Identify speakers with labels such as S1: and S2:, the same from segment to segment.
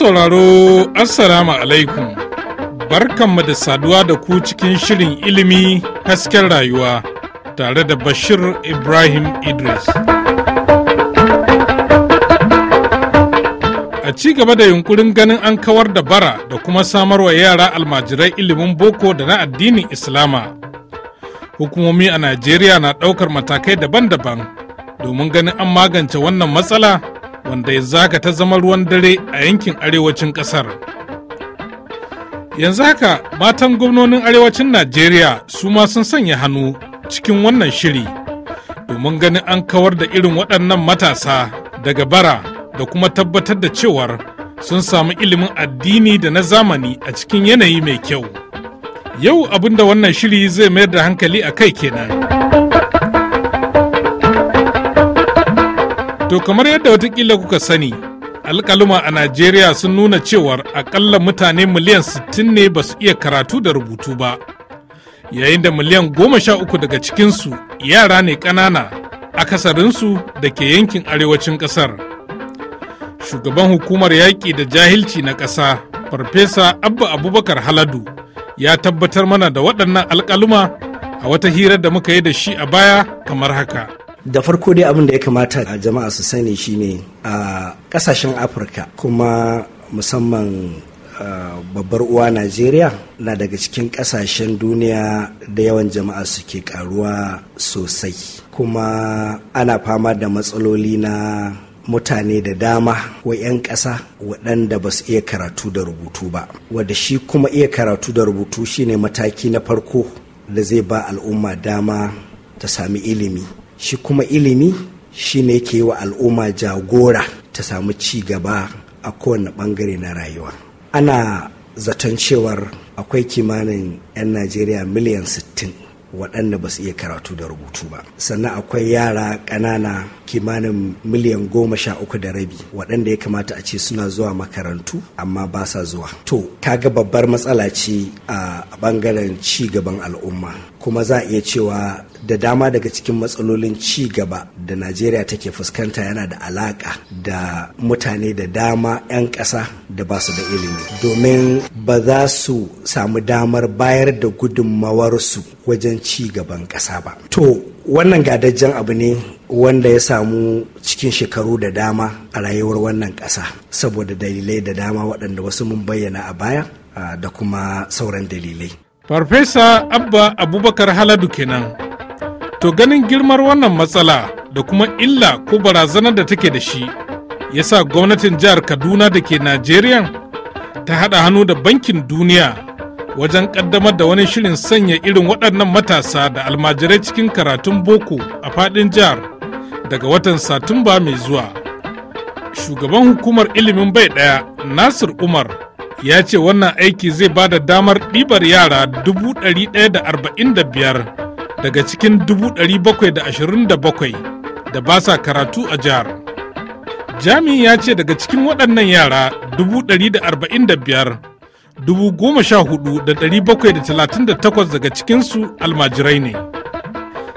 S1: sauraro Assalamu alaikum barkanmu da saduwa da ku cikin shirin ilimi hasken rayuwa tare da Bashir Ibrahim Idris. A ci gaba da yunkurin ganin an kawar da bara da kuma samar wa yara almajirai ilimin boko da na addinin Islama. Hukumomi a Najeriya na ɗaukar matakai daban-daban domin ganin an magance wannan matsala. wanda ya zaka ta zama ruwan dare a yankin arewacin kasar yanzu haka matan gwamnonin arewacin najeriya su ma sun sanya hannu cikin wannan shiri domin ganin an kawar da irin waɗannan matasa daga bara da kuma tabbatar da cewar sun samu ilimin addini da na zamani a cikin yanayi mai kyau yau abinda wannan shiri zai mayar da hankali a kai kenan. To kamar yadda watakila kuka sani, alƙaluma a Najeriya sun nuna cewar akalla mutane miliyan sittin ne ba su iya karatu da rubutu ba, yayin da miliyan goma sha uku daga cikinsu yara ne ƙanana akasarinsu da ke yankin arewacin ƙasar. Shugaban hukumar yaƙi da jahilci na ƙasa, Farfesa Abba Abubakar Haladu, ya tabbatar mana da waɗannan alƙaluma a wata hirar da muka yi da shi a baya kamar haka.
S2: da farko dai abin da ya kamata a jama'a su sani shine a kasashen afirka kuma musamman babbar uwa najeriya na daga cikin kasashen duniya da yawan jama'a suke karuwa sosai kuma ana fama da matsaloli na mutane da dama wa 'yan ƙasa waɗanda ba su iya karatu da rubutu ba wadda shi kuma iya karatu da rubutu shine mataki na farko da zai ba al'umma dama ta sami ilimi shi kuma ilimi shi ne ke wa al'umma jagora ta samu ci gaba a kowane bangare na rayuwa ana zaton cewar akwai kimanin 'yan najeriya miliyan 60 waɗanda ba su iya karatu da rubutu ba sannan akwai yara ƙanana kimanin miliyan goma sha uku da rabi waɗanda ya kamata a ce suna zuwa makarantu amma ba sa zuwa to kaga babbar matsala ce a ɓangaren ci gaban al'umma kuma za a iya cewa da dama daga cikin matsalolin ci gaba da najeriya take fuskanta yana da alaka da mutane da dama 'yan ƙasa da ba su da ilimi domin ba za su samu damar bayar da gudunmawarsu wajen ci gaban ƙasa ba to wannan gadajjen abu ne wanda ya samu cikin shekaru da dama a rayuwar wannan ƙasa saboda dalilai da dama waɗanda wasu mun bayyana a baya da kuma sauran
S1: dalilai farfesa abba abubakar haladu kenan to ganin girmar wannan matsala da kuma illa ko barazanar da take da shi ya sa gwamnatin jihar kaduna da ke najeriya ta haɗa hannu da bankin duniya wajen ƙaddamar da wani shirin sanya irin waɗannan matasa da almajirai cikin karatun boko a faɗin jihar daga watan satumba mai zuwa shugaban hukumar ilimin bai ɗaya nasir umar ya ce wannan aiki zai ba da damar ɗibar yara 145 daga cikin 727 da ba sa karatu a jihar Jami ya ce daga cikin waɗannan yara 145 14,738 daga cikinsu almajirai ne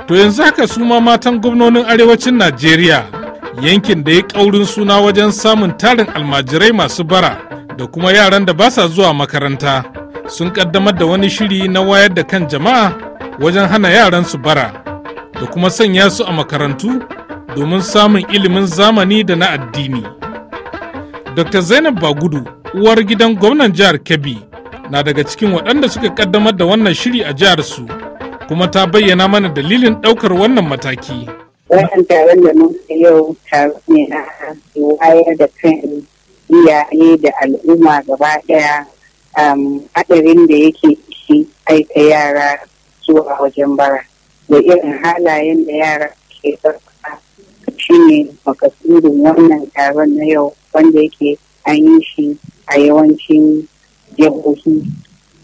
S1: to yanzu haka su ma matan gwamnonin arewacin najeriya yankin da ya ƙaurin suna wajen samun tarin almajirai masu bara da kuma yaran da ba sa zuwa makaranta sun ƙaddamar da wani shiri na wayar da kan jama'a wajen hana yaran su bara da kuma sanya su a makarantu domin samun ilimin zamani da na addini. Dr. Zainab Bagudu, uwar gidan gwamnan jihar Kebbi, na daga cikin waɗanda suka ƙaddamar da wannan shiri a jihar su, kuma ta bayyana mana dalilin ɗaukar wannan mataki.
S3: wannan taron da muka yau taro ne na wayar da kan iyaye da al'umma gaba daya um, hadarin da yake shi aika yara zuwa wajen bara da irin halayen da yara ke ɗauka shi ne makasudin wannan taron na yau wanda yake an yi shi a yawancin jihohi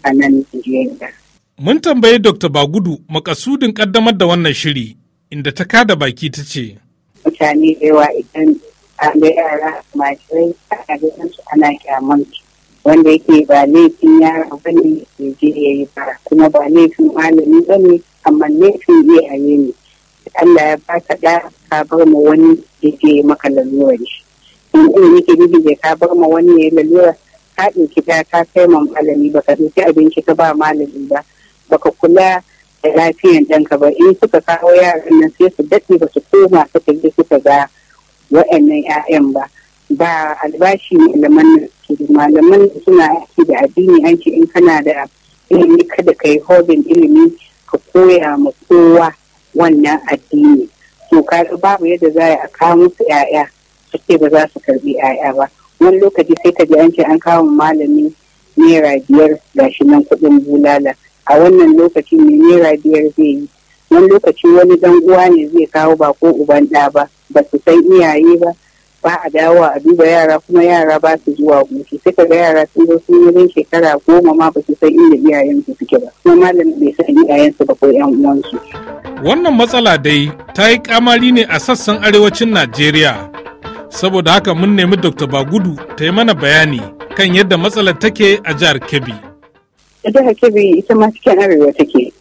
S3: a nan
S1: Najeriya. Mun tambayi Dr. Bagudu makasudin kaddamar da wannan shiri inda ta kada baki ta ce.
S3: Mutane da yawa idan an ga yara mashirai ana ganin su ana kyaman su wanda yake ba laifin yara ba ne ya je ya yi fara kuma ba laifin malami ba ne amma laifin iyaye ne. Allah ya ba ka da ka bar ma wani ya je maka lalura shi. In ɗin yake bibi da ka bar ma wani ya yi lalura ka ɗauki ta ka kai ma malami ba ka ɗauki abinci ka ba malami ba baka kula da lafiyan ɗanka ba in suka kawo yaran nan sai su daɗe ba su koma suka je suka ga wa'annan 'ya'yan ba ba albashi ne malaman nan su malaman suna aiki da addini an ce in kana da ilimi kada ka yi hobin ilimi ka koya ma kowa wannan addini to kaga babu yadda za a kawo musu 'ya'ya su ce ba za su karbi 'ya'ya ba wani lokaci sai ka ji an ce an kawo malami naira biyar gashi nan kuɗin bulala a wannan lokacin mai naira biyar zai yi wani lokaci wani dan uwa ne zai kawo ba ko uban ɗa ba ba su san iyaye ba ba a dawo a duba yara kuma yara ba su zuwa gushi sai ga yara sun zo sun yi shekara goma ma ba su san inda iyayen su suke ba kuma malam bai san su ba ko yan uwansu.
S1: wannan matsala dai ta yi kamari ne a sassan arewacin najeriya saboda haka mun nemi dr bagudu ta yi mana bayani kan yadda matsalar take a jihar kebbi.
S3: jihar kebbi ita ma cikin arewa take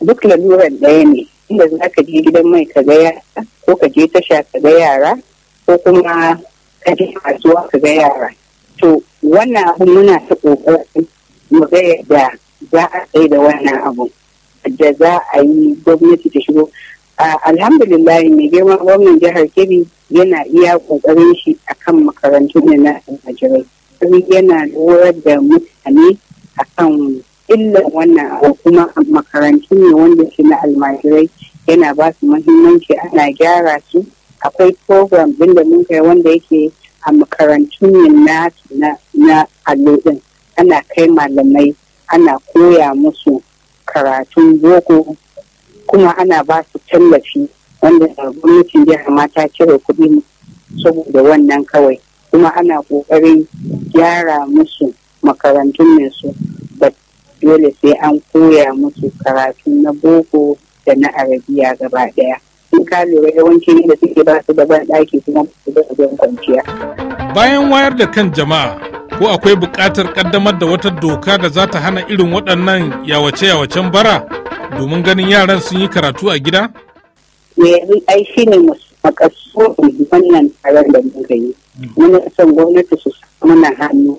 S3: duk laluran ɗaya ne inda za ka je gidan mai ka ga yara ko ka je tasha ka ga yara ko kuma ka je kasuwa ka ga yara to wannan abu muna ta ƙoƙarin mu ga yadda za a tsaye da wannan abu da za a yi gwamnati ta shigo alhamdulillah mai girma gwamnan jihar kebbi yana iya ƙoƙarin shi akan makarantu na almajirai yana lura da mutane akan illa wannan abu kuma makarantu ne wanda ke na almajirai yana ba su muhimmanci ana gyara su akwai program din da mun kai wanda yake a makarantu ne na na allo din ana kai malamai ana koya musu karatun boko kuma ana ba su tallafi wanda gwamnatin jihar mata cire kuɗi saboda wannan kawai kuma ana ƙoƙarin gyara musu makarantun ne su ba dole sai an koya musu karatu na boko da na arabiya gaba daya in ka lura yawancin da suke ba su gaban daki kuma su da abin kwanciya.
S1: bayan wayar da kan jama'a ko akwai buƙatar ƙaddamar da wata doka da za ta hana irin waɗannan yawace-yawacen bara domin ganin yaran sun yi karatu a gida? yanzu
S3: ai shi ne makasu wannan taron da muka yi muna son gwamnati su na hannu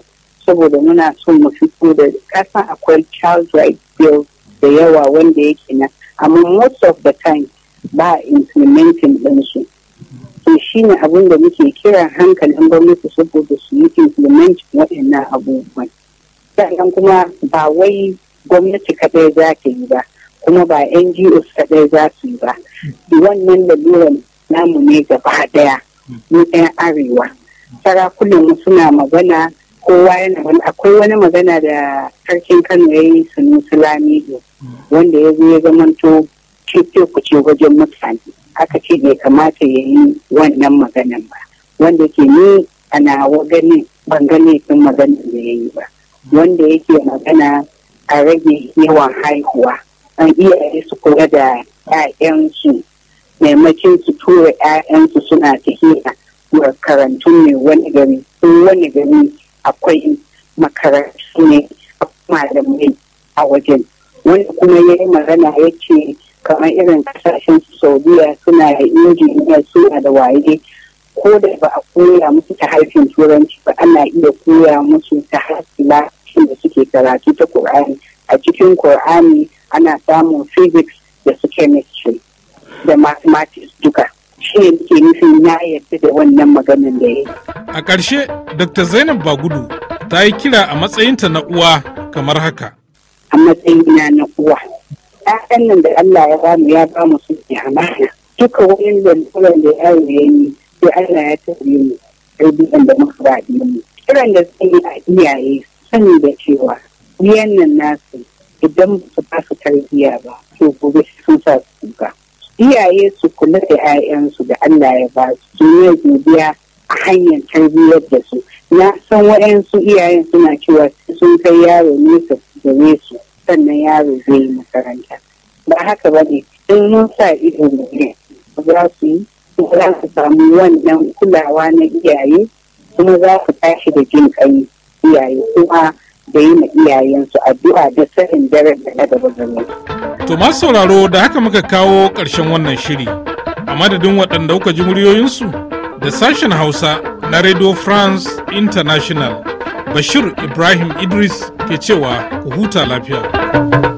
S3: saboda muna son mu fito da ƙasa akwai child rights bill da yawa wanda yake na. amma most of the time ba implementing ɗinsu to shi ne abin da muke kira hankalin gwamnati saboda su yi implement waɗannan abubuwan sannan kuma ba wai gwamnati kaɗai za ta yi ba kuma ba NGOs kaɗai za su yi ba wannan laluran namu ne gaba ɗaya mu ɗan arewa sarakunan mu suna magana kowa yana wani akwai wani magana da sarkin kano ya yi sunusu lamido wanda ya zo ya to ce ku wajen mutane aka ce bai kamata ya yi wannan maganan ba wanda ke ni ana ganin ban gane sun maganan da ya yi ba wanda yake magana a rage yawan haihuwa an iya yi su kula da 'ya'yansu maimakin su tura 'ya'yansu suna tafiya karantun mai wani gari sun wani gari akwai makarantu ne malamai a wajen wanda kuma ya yi magana ya ce kamar irin kasashen saudiya suna da injiniya suna da waye ko da ba a koya musu ta harfin turanci ba ana iya koya musu ta harshen lafiyar da suke karatu ta Kur'ani. a cikin Kur'ani ana samun physics da su chemistry da mathematics duka ne nufin ya yarda da wannan maganin da ya
S1: A ƙarshe, Dr. Zainab Bagudu ta yi kira a matsayinta na uwa kamar haka. A
S3: matsayina na uwa, ‘ya'yan nan da Allah ya bamu ya bamu su ne amana. Duka wani lalura da yaro ya yi, sai Allah ya tafi mu, ɗabi'an da muka ba mu. Kiran da zai yi a iyaye sani da cewa, 'Yan nan nasu idan ba su ba su tarbiyya ba, to gobe sun sa su kuka. iyaye su kula da 'ya'yansu da Allah ya ba su su ne a hanyar tarbiyyar da su na san wa'yansu iyayen suna cewa sun kai yaro nesa gare su sannan yaro zai yi makaranta ba haka ba ne in mun sa ido ne za su yi za su samu wannan kulawa na iyaye kuma za su tashi da jin kai iyaye kuma da yi ma iyayensu addu'a da sanin daren da gaba gaba.
S1: To masu sauraro da haka muka kawo ƙarshen wannan shiri, a madadin waɗanda kuka ji muryoyinsu da sashen Hausa na Radio France International, Bashir Ibrahim Idris ke cewa ku huta lafiya.